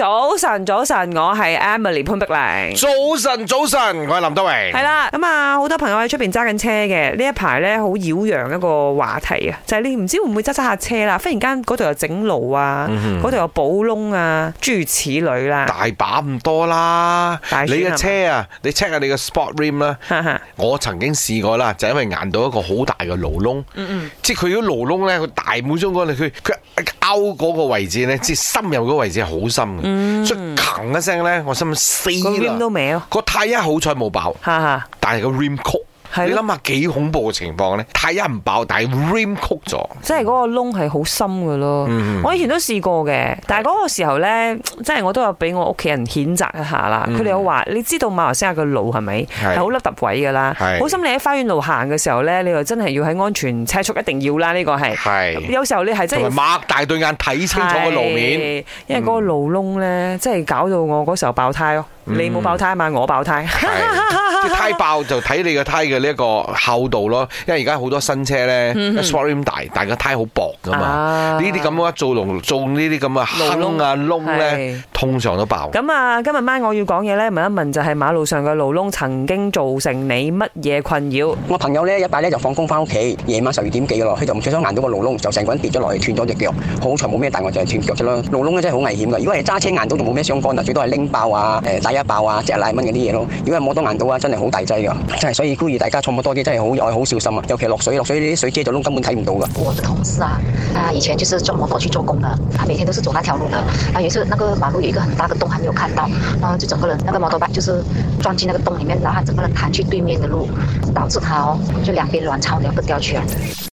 早晨，早晨，我係 Emily 潘碧玲。早晨，早晨，我係林德榮。係啦，咁啊，好多朋友喺出邊揸緊車嘅呢一排咧，好擾攘一個話題啊，就係、是、你唔知道會唔會揸揸下車啦，忽然間嗰度又整路啊，嗰度又補窿啊，諸如此類啦、嗯。大把咁多啦，你嘅車啊，你 check 下你嘅 sport rim 啦。我曾經試過啦，就是、因為硬到一個好大嘅路窿，即係佢嗰路窿咧，佢大滿中嗰個區，佢勾嗰個位置咧，即係深入嗰個位置係好深嘅。所以砰一聲咧，我心諗死啦。個，太一好彩冇爆， 但係個 rim c 你諗下幾恐怖嘅情況咧？太一唔爆，但係 rim 曲咗，即係嗰個窿係好深嘅咯。我以前都試過嘅，是的但係嗰個時候咧，即係我都有俾我屋企人譴責一下啦。佢哋有話，你知道馬來西亞個路係咪係好凹凸位噶啦？的好心你喺花園路行嘅時候咧，你又真係要喺安全車速一定要啦。呢、這個係，係有時候你係真係擘大對眼睇清楚個路面的，因為嗰個路窿咧，即係搞到我嗰時候爆胎咯。嗯、你冇爆胎嘛？我爆胎。 爆就睇你個胎嘅呢一個厚度咯，因為而家好多新車咧，個 volume、嗯、大，但個胎好薄噶嘛。呢啲咁嘅做窿、做呢啲洞啊洞啊洞呢啲咁嘅路窿啊窿咧，通常都爆。咁啊，今日晚我要講嘢咧，問一問就係馬路上嘅路窿曾經造成你乜嘢困擾？我朋友呢，一拜咧就放工翻屋企，夜晚十二點幾嘅咯，佢就唔小心硬到個路窿，就成個人跌咗落去，斷咗隻腳。好彩冇咩，大、就是，係我就係斷腳咗咯。路窿真係好危險噶，如果係揸車硬到就冇咩相干啦，最多係拎爆啊、誒擠壓爆啊、擠爛蚊嗰啲嘢咯。如果係摸到硬到啊，真係好大。真係，所以故意大家坐摩托機，真係好愛好小心啊！尤其落水，落水啲水遮就窿，根本睇唔到噶。我的同事啊，啊以前就是坐摩托去做工的，他每天都是走那條路的。啊有一次那個馬路有一個很大的洞，還沒有看到，然後就整個人那個摩托板就是撞進那個洞裏面，然後整個人彈去對面的路，導致他就兩邊卵巢兩個掉去了。